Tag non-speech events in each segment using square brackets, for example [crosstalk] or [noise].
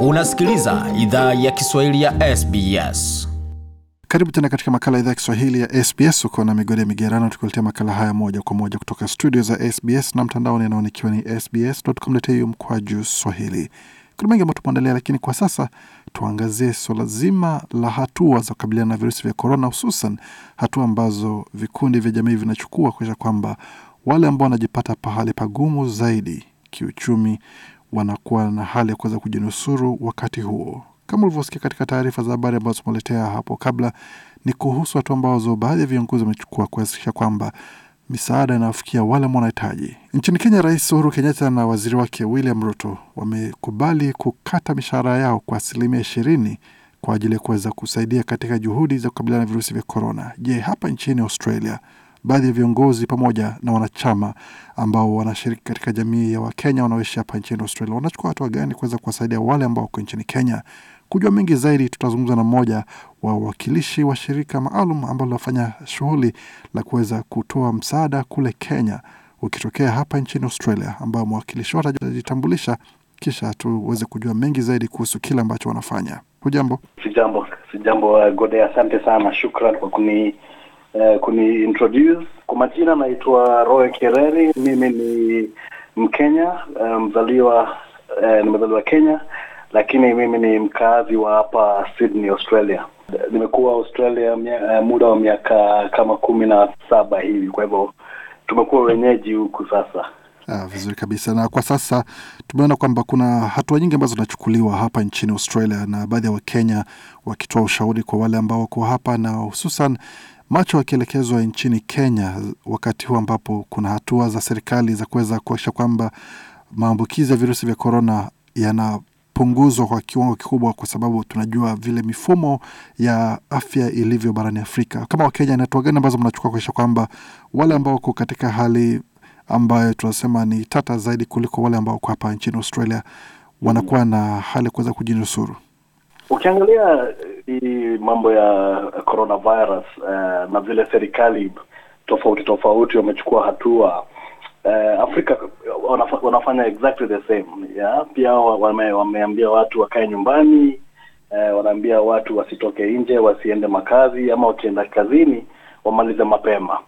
Unasikiliza idhaa ya Kiswahili ya SBS. Karibu tena katika makala idhaa ya Kiswahili ya SBS. Uko na migode migerano, tukuletea makala haya moja kwa moja kutoka studio za SBS na mtandaoni anaonikiwa ni sbs.com.au juu swahili. Kuna mengi ambayo tumeandalia, lakini kwa sasa tuangazie suala zima la hatua za kukabiliana na virusi vya korona, hususan hatua ambazo vikundi vya jamii vinachukua kuisha kwamba wale ambao wanajipata pahali pagumu zaidi kiuchumi wanakuwa na hali ya kuweza kujinusuru wakati huo. Kama ulivyosikia katika taarifa za habari ambazo tumeletea hapo kabla, ni kuhusu hatua ambazo baadhi ya viongozi wamechukua kuhakikisha kwamba misaada inawafikia wale wanahitaji. Nchini Kenya, Rais Uhuru Kenyatta na waziri wake William Ruto wamekubali kukata mishahara yao kwa asilimia ishirini kwa ajili ya kuweza kusaidia katika juhudi za kukabiliana na virusi vya korona. Je, hapa nchini Australia baadhi ya viongozi pamoja na wanachama ambao wanashiriki katika jamii ya Wakenya wanaoishi hapa nchini Australia wanachukua hatua gani kuweza kuwasaidia wale ambao wako nchini Kenya. Kujua mengi zaidi, tutazungumza na mmoja wa wawakilishi wa shirika maalum ambalo linafanya shughuli la kuweza kutoa msaada kule Kenya ukitokea hapa nchini Australia, ambao mwakilishi wao atajitambulisha kisha tuweze kujua mengi zaidi kuhusu kile ambacho wanafanya. Hujambo? Sijambo, sijambo. Uh, Gode, asante sana, shukran kwa kuni Eh, kuniintroduce. Kwa majina naitwa Roy Kereri, mimi ni Mkenya eh, mzaliwa uh, nimezaliwa Kenya lakini mimi ni mkaazi wa hapa Sydney, Australia. Nimekuwa Australia mia, muda wa miaka kama kumi na saba hivi, kwa hivyo tumekuwa wenyeji huku sasa. Ah, vizuri kabisa. Na kwa sasa tumeona kwamba kuna hatua nyingi ambazo zinachukuliwa hapa nchini Australia na baadhi ya Wakenya wakitoa ushauri kwa wale ambao wako hapa na hususan macho akielekezwa nchini Kenya wakati huu ambapo kuna hatua za serikali za kuweza kuakisha kwamba maambukizi ya virusi vya korona yanapunguzwa kwa kiwango kikubwa, kwa sababu tunajua vile mifumo ya afya ilivyo barani Afrika. Kama Wakenya, ni hatua gani ambazo mnachukua kuakisha kwamba wale ambao wako katika hali ambayo tunasema ni tata zaidi kuliko wale ambao wako hapa nchini Australia wanakuwa na hali ya kuweza kujinusuru? Ukiangalia hii mambo ya coronavirus uh, na vile serikali tofauti tofauti wamechukua hatua uh, Afrika wanafa, wanafanya exactly the same yeah? Pia wame, wameambia watu wakae nyumbani uh, wanaambia watu wasitoke nje, wasiende makazi, ama wakienda kazini wamalize mapema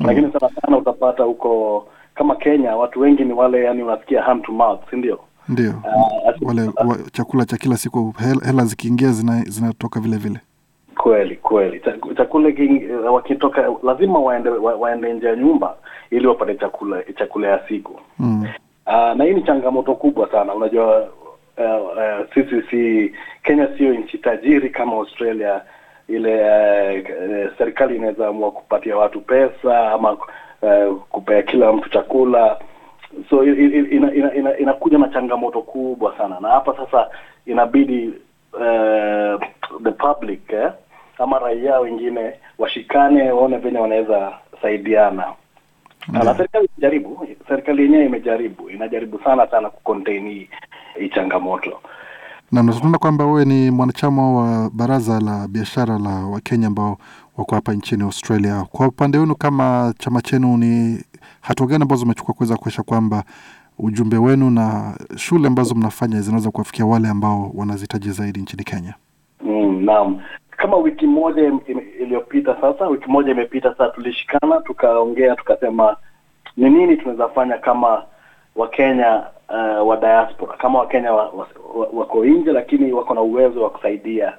mm. Lakini sana sana utapata huko kama Kenya watu wengi ni wale yani, unasikia hand to mouth, si ndio? Ndio ah, wale wa, chakula cha kila siku hela, hela zikiingia zinatoka zina vile kweli kweli chakula wakitoka lazima waende, wa, waende nje ya nyumba ili wapate chakula chakula ya siku mm. Uh, na hii ni changamoto kubwa sana unajua uh, uh, sisi si Kenya sio nchi tajiri kama Australia ile uh, serikali inaweza amua kupatia watu pesa ama uh, kupea kila mtu chakula so inakuja ina, ina, ina, ina na changamoto kubwa sana, na hapa sasa inabidi uh, the public eh, ama raia wengine washikane, waone venye wanaweza saidiana yeah. Na serikali imejaribu, serikali yenyewe imejaribu, inajaribu sana sana kucontain hii changamoto na tunaona kwamba wewe ni mwanachama wa baraza la biashara la Wakenya ambao wako hapa nchini Australia. Kwa upande wenu kama chama chenu, ni hatua gani ambazo umechukua kuweza kuesha kwamba ujumbe wenu na shule ambazo mnafanya zinaweza kuwafikia wale ambao wanazihitaji zaidi nchini Kenya? Mm, naam, kama wiki moja iliyopita sasa, wiki moja imepita sasa, tulishikana tukaongea, tukasema ni nini tunaweza fanya kama Wakenya uh, wa diaspora kama Wakenya wako wa, wa, wa nje, lakini wako na uwezo wa kusaidia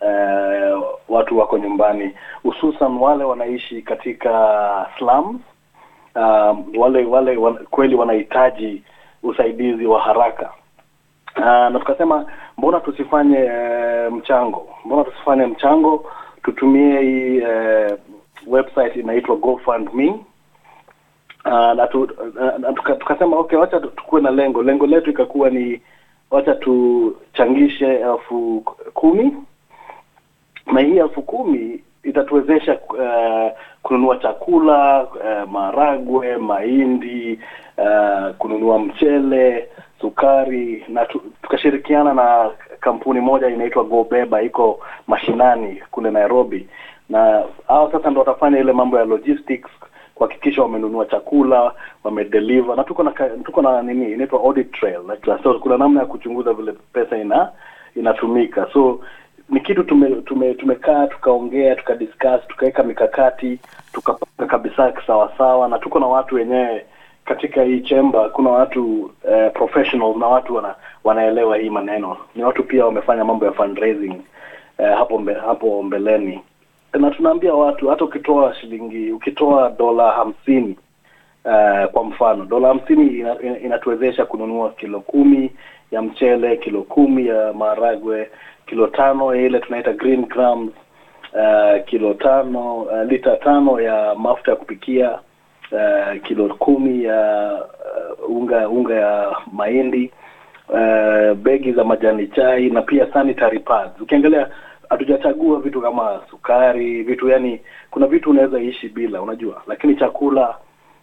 uh, watu wako nyumbani, hususan wale wanaishi katika slums uh, wale wale wan, kweli wanahitaji usaidizi wa haraka uh, na tukasema mbona tusifanye uh, mchango, mbona tusifanye mchango, tutumie hii uh, website inaitwa GoFundMe Ah, na, tu, na tuka, tukasema okay, wacha tukuwe na lengo. Lengo letu ikakuwa ni wacha tuchangishe elfu kumi na hii elfu kumi itatuwezesha uh, kununua chakula uh, eh, maragwe, mahindi uh, kununua mchele, sukari na tu, tukashirikiana na kampuni moja inaitwa Gobeba iko mashinani kule Nairobi, na hao sasa ndo watafanya ile mambo ya logistics kuhakikisha wamenunua chakula, wamedeliver na tuko na tuko na nini inaitwa audit trail. So kuna namna ya kuchunguza vile pesa ina inatumika. So ni kitu tume, tume, tumekaa tukaongea tukadiscuss tukaweka mikakati tukapanga kabisa sawasawa, na tuko na watu wenyewe katika hii chemba kuna watu eh, professional na watu wana, wanaelewa hii maneno. Ni watu pia wamefanya mambo ya fundraising eh, hapo mbe, hapo mbeleni na tunaambia watu hata ukitoa shilingi ukitoa dola hamsini uh, kwa mfano dola hamsini ina, ina, inatuwezesha kununua kilo kumi ya mchele kilo kumi ya maharagwe kilo tano ya ile tunaita green grams uh, eh, kilo tano uh, lita tano ya mafuta ya kupikia uh, kilo kumi ya uh, unga unga ya mahindi uh, begi za majani chai na pia sanitary pads ukiangalia hatujachagua vitu kama sukari vitu yani kuna vitu unaweza ishi bila unajua lakini chakula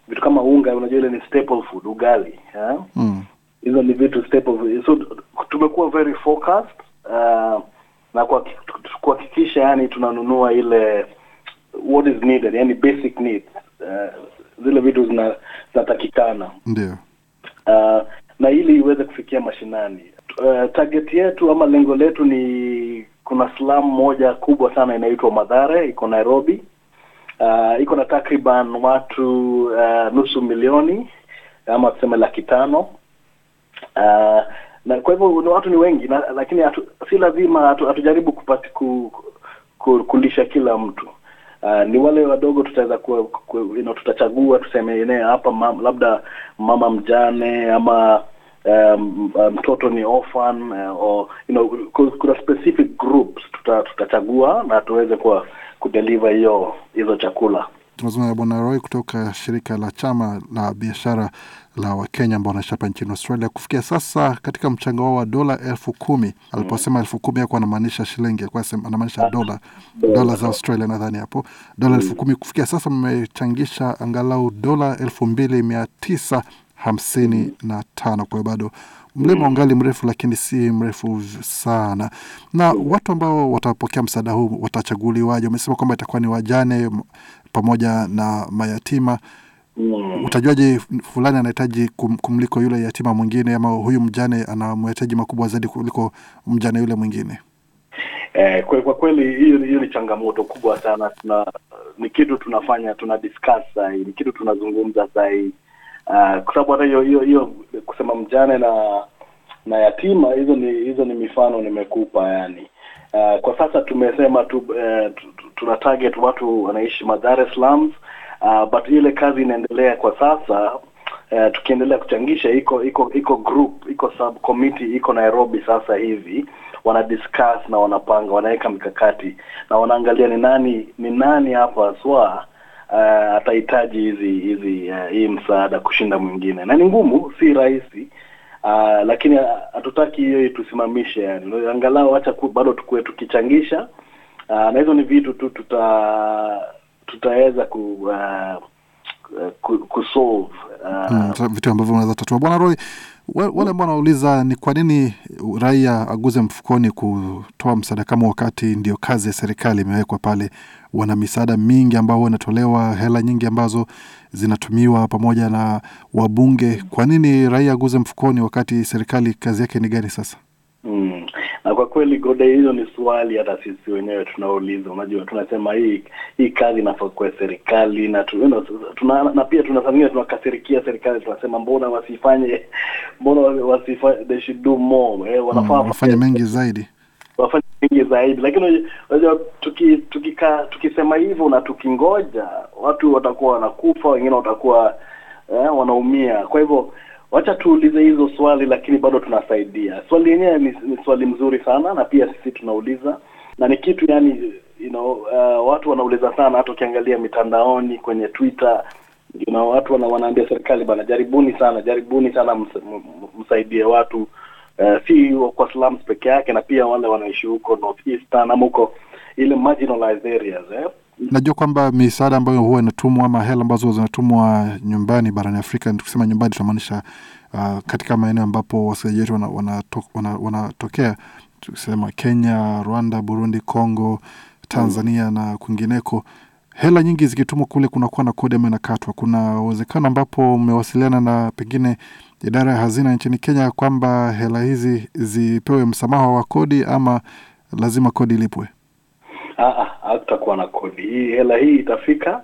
vitu kama unga unajua ile ni staple food ugali yeah? mm. ni vitu staple food. so tumekuwa very focused uh, na kuhakikisha yani tunanunua ile what is needed yani basic needs uh, zile vitu zinatakikana ndio uh, na ili iweze kufikia mashinani uh, target yetu ama lengo letu ni kuna slam moja kubwa sana inaitwa Madhare, iko Nairobi. Uh, iko na takriban watu uh, nusu milioni ama tuseme laki tano uh, na kwa hivyo watu ni wengi na, lakini atu, si lazima hatujaribu kupati ku, ku, kulisha kila mtu uh, ni wale wadogo tutaweza you know, tutachagua tuseme hapa mam, labda mama mjane ama Um, um, mtoto um, ni orphan uh, or you know, kuna specific groups tutachagua tuta na tuweze kuwa kudeliver hiyo hizo chakula. Tunazungumza na Bwana Roy kutoka shirika la chama la biashara la Wakenya ambao wanaishi hapa nchini Australia. Kufikia sasa katika mchango wao wa dola elfu kumi aliposema elfu kumi hakuwa anamaanisha shilingi, anamaanisha dola dola za Australia nadhani hapo dola elfu kumi. Kufikia sasa mmechangisha angalau dola elfu mbili mia tisa hamsini na tano. Kwa hiyo bado mlima mm. ungali mrefu, lakini si mrefu sana. Na watu ambao watapokea msaada huu watachaguliwaje? Wamesema kwamba itakuwa ni wajane pamoja na mayatima. Utajuaje fulani anahitaji kum, kumliko yule yatima mwingine, ama huyu mjane ana mahitaji makubwa zaidi kuliko mjane yule mwingine? Eh, kwa, kwa kweli hiyo ni changamoto kubwa sana. Tuna ni kitu tunafanya tuna discuss sahii, ni kitu tunazungumza sahii Ah, kwa sababu hata hiyo hiyo hiyo kusema mjane na na yatima, hizo ni hizo ni mifano nimekupa yani. Uh, kwa sasa tumesema tu, uh, tuna target watu wanaishi madhare slums uh, but ile kazi inaendelea kwa sasa uh, tukiendelea kuchangisha, iko iko iko group iko sub committee iko Nairobi sasa hivi wana discuss na wanapanga, wanaweka mikakati na wanaangalia ni nani ni nani hapa swa uh, atahitaji hizi hizi uh, hii msaada kushinda mwingine, na ni ngumu, si rahisi uh, lakini hatutaki hiyo itusimamishe, yani angalau acha bado tukue tukichangisha uh, na hizo ni vitu tu tuta tutaweza ku uh, kusolve uh, mm, vitu ambavyo unaweza tatua Bwana Roy wale ambao wanauliza ni kwa nini raia aguze mfukoni kutoa msaada kama, wakati ndio kazi ya serikali imewekwa pale. Wana misaada mingi ambao wanatolewa, hela nyingi ambazo zinatumiwa pamoja na wabunge. Kwa nini raia aguze mfukoni wakati serikali kazi yake ni gani sasa? Mm na kwa kweli Gode, hizo ni swali hata sisi wenyewe tunauliza. Unajua, tunasema hii hii kazi inafaa kwa serikali na tu, you know, tuna, na pia tunasamia tunakasirikia serikali, tunasema mbona wasifanye, mbona wasifanye, they should do more eh, wanafaa mm, wafanye mengi zaidi wafanye mengi zaidi, lakini unajua tuki, tukika, tukisema hivyo na tukingoja watu watakuwa wanakufa, wengine watakuwa eh, wanaumia. Kwa hivyo wacha tuulize hizo swali, lakini bado tunasaidia. Swali yenyewe ni, ni swali mzuri sana, na pia sisi tunauliza na ni kitu yani you know, uh, watu wanauliza sana, hata ukiangalia mitandaoni kwenye Twitter you know, watu wana, wanaambia serikali bana, jaribuni sana, jaribuni sana, ms, msaidie watu uh, si kwa slums peke yake, na pia wale wanaishi huko northeastern ama huko ile marginalized areas eh Najua kwamba misaada ambayo huwa inatumwa ama hela ambazo zinatumwa nyumbani barani Afrika, tukisema nyumbani tunamaanisha uh, katika maeneo ambapo wasikilizaji wetu wanatokea wana, wana, wana tukisema Kenya, Rwanda, Burundi, Congo, Tanzania mm. na kwingineko hela nyingi zikitumwa kule kunakuwa na kodi ambayo inakatwa. Kuna uwezekano ambapo mmewasiliana na pengine idara ya hazina nchini Kenya kwamba hela hizi zipewe msamaha wa kodi ama lazima kodi ilipwe? Ah, ah, hakutakuwa na kodi, hii hela hii itafika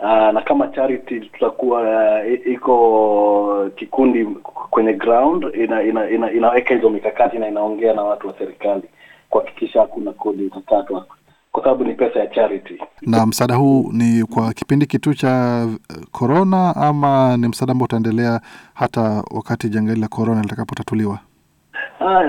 aa, ah, na kama charity tutakuwa eh, iko kikundi kwenye ground ina, ina, ina, inaweka hizo mikakati na inaongea na watu wa serikali kuhakikisha hakuna kodi itakatwa kwa sababu ni pesa ya charity. Na msaada huu ni kwa kipindi kitu cha eh, corona ama ni msaada ambao utaendelea hata wakati janga hili la corona litakapotatuliwa?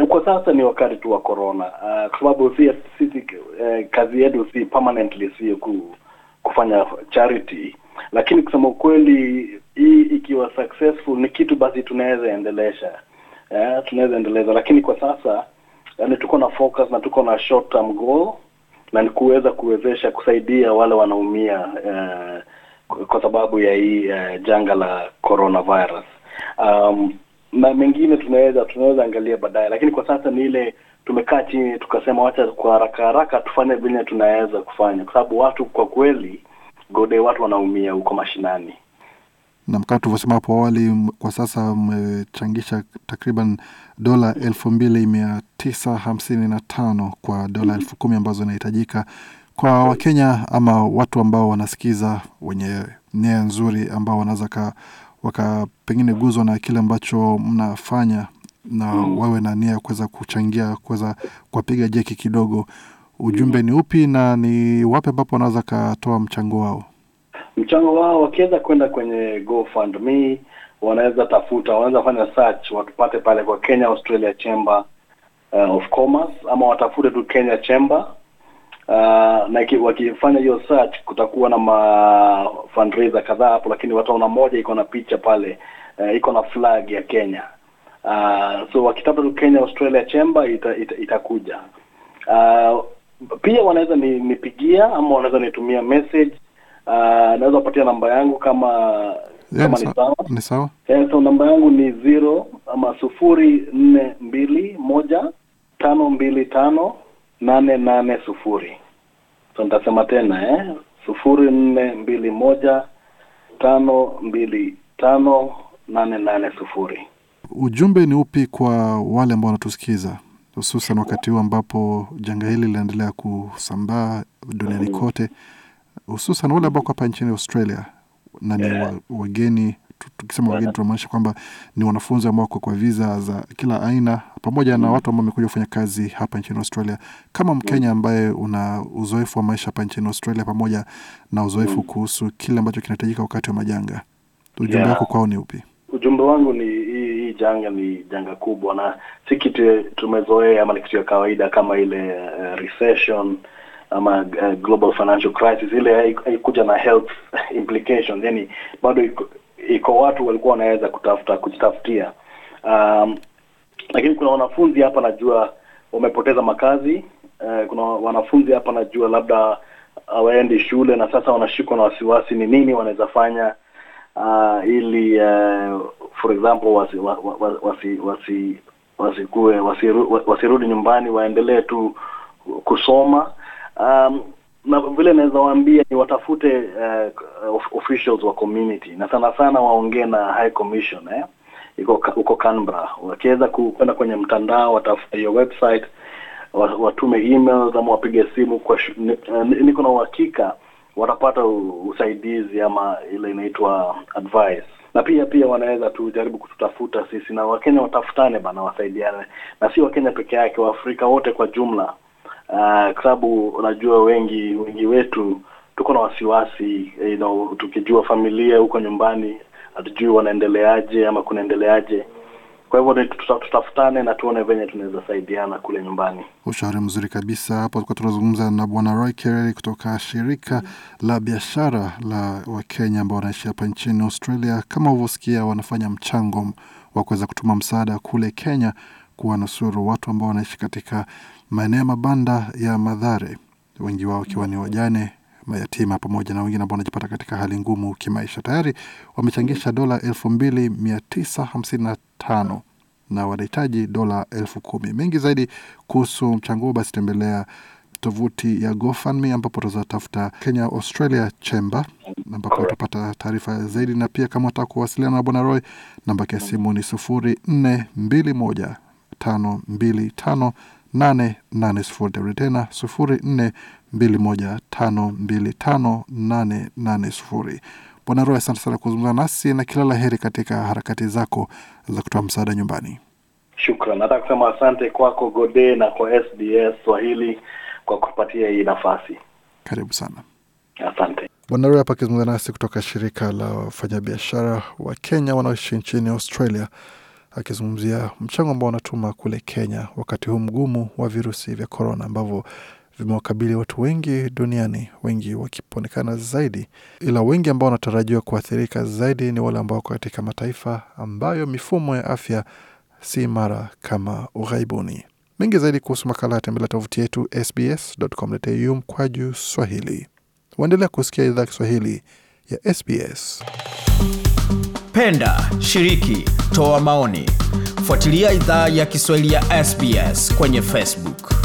Kwa sasa ni wakati tu wa corona, kwa sababu sisi eh, kazi yetu si permanently si ku, kufanya charity, lakini kusema ukweli, hii ikiwa successful ni kitu basi tunaweza endelesha eh, tunaweza endeleza, lakini kwa sasa yani eh, tuko na focus na tuko na short term goal na ni kuweza kuwezesha kusaidia wale wanaumia eh, kwa sababu ya hii eh, janga la coronavirus um, na mengine tunaweza tunaweza angalia baadaye, lakini kwa sasa ni ile tumekaa chini tukasema, wacha kwa haraka haraka tufanye vile tunaweza kufanya, kwa sababu watu kwa kweli gode, watu wanaumia huko mashinani. Na mkaa tulivyosema hapo awali, kwa sasa mmechangisha takriban dola elfu mbili mia tisa hamsini na tano kwa dola elfu kumi ambazo inahitajika kwa Wakenya ama watu ambao wanasikiza wenye nia nzuri ambao wanaweza wakapengine guzwa na kile ambacho mnafanya na mm. wawe na nia ya kuweza kuchangia kuweza kuwapiga jeki kidogo. Ujumbe hmm. ni upi na ni wapi ambapo wanaweza katoa mchango wao? Mchango wao wakiweza kwenda kwenye GoFundMe, wanaweza tafuta, wanaweza fanya search, watupate pale kwa Kenya Australia Chamber uh, of Commerce ama watafute tu Kenya Chamber Uh, na wakifanya hiyo search kutakuwa na ma fundraiser kadhaa hapo, lakini wataona moja iko na picha pale, uh, iko na flag ya Kenya Uh, so wakitaka Kenya Australia Chamber ita, ita, itakuja. Uh, pia wanaweza nipigia ama wanaweza nitumia message. Uh, naweza kupatia namba yangu kama yeah, kama ni sawa. Ni sawa. Yeah, so namba yangu ni zero ama sufuri nne mbili moja tano mbili tano nane nane sufuri. So nitasema tena eh, sufuri nne mbili moja tano mbili tano nane nane sufuri. Ujumbe ni upi kwa wale ambao wanatusikiza hususan wakati huu ambapo janga hili linaendelea kusambaa duniani kote, hususan wale ambao hapa nchini Australia na ni wa, wageni. Tukisema wageni, tunamaanisha kwamba ni wanafunzi ambao wako kwa viza za kila aina, pamoja na watu ambao wamekuja kufanya kazi hapa nchini Australia. Kama Mkenya ambaye una uzoefu wa maisha hapa nchini Australia pamoja na uzoefu kuhusu kile ambacho kinahitajika wakati wa majanga, ujumbe yeah. wako kwao ni upi? Ujumbe wangu ni janga ni janga kubwa na si kitu tumezoea ama ni kitu ya kawaida kama ile uh, recession ama uh, global financial crisis ile haikuja na health [laughs] implications yani bado iko, iko watu walikuwa wanaweza kutafuta kujitafutia um, lakini kuna wanafunzi hapa najua wamepoteza makazi uh, kuna wanafunzi hapa najua labda hawaendi shule na sasa wanashikwa na wasiwasi ni nini wanaweza fanya uh, ili uh, for example wasi, wasi, wasi, wasi wasikue wasiru, wasirudi nyumbani waendelee tu kusoma um, na vile naweza waambia ni watafute uh, officials wa community na sana sana waongee na high commission eh iko huko Canberra wakiweza kwenda kwenye mtandao watafuta hiyo website watume emails ama wapige simu kwa eh, niko na uhakika watapata usaidizi ama ile inaitwa advice na pia pia wanaweza tujaribu kututafuta sisi na Wakenya watafutane bana, wasaidiane na si Wakenya peke yake, Waafrika wote kwa jumla. Uh, kwa sababu unajua wengi wengi wetu tuko na wasiwasi you know, tukijua familia huko nyumbani hatujui wanaendeleaje ama kunaendeleaje kwa hivyo tutafutane na tuone venye tunaweza saidiana kule nyumbani. Ushauri mzuri kabisa hapo. Tulikuwa tunazungumza na Bwana Roy Kerere kutoka shirika mm, la biashara la Wakenya ambao wanaishi hapa nchini Australia. Kama ulivyosikia, wanafanya mchango wa kuweza kutuma msaada kule Kenya kuwanusuru watu ambao wanaishi katika maeneo ya mabanda ya madhare, wengi wao wakiwa ni wajane mayatima pamoja na wengine ambao wanajipata katika hali ngumu kimaisha. Tayari wamechangisha dola elfu mbili mia tisa hamsini na tano na wanahitaji dola elfu kumi. Mengi zaidi kuhusu mchango huo, basi tembelea tovuti ya GoFundMe ambapo tutatafuta Kenya Australia Chamber ambapo utapata taarifa zaidi, na pia kama unataka kuwasiliana na Bwana Roy, namba ya simu ni sufuri nne mbili moja tano mbili tano nane nane sufuri. Tena sufuri nne 2152588. Bwana Roy, asante sana kuzungumza nasi na kila la heri katika harakati zako za kutoa msaada nyumbani. Shukran, nataka kusema asante kwako Gode na kwa SBS Swahili kwa kupatia hii nafasi. Karibu sana, asante. Bwana Roy hapa akizungumza nasi kutoka shirika la wafanyabiashara wa Kenya wanaoishi nchini Australia, akizungumzia mchango ambao wanatuma kule Kenya wakati huu mgumu wa virusi vya korona ambavyo vimewakabili watu wengi duniani, wengi wakiponekana zaidi, ila wengi ambao wanatarajiwa kuathirika zaidi ni wale ambao katika mataifa ambayo mifumo ya afya si imara kama ughaibuni. Mengi zaidi kuhusu makala ya tembelea tovuti yetu sbs.com.au mkwaju swahili. Waendelea kusikia idhaa Kiswahili ya SBS. Penda, shiriki, toa maoni, fuatilia idhaa ya Kiswahili ya SBS kwenye Facebook.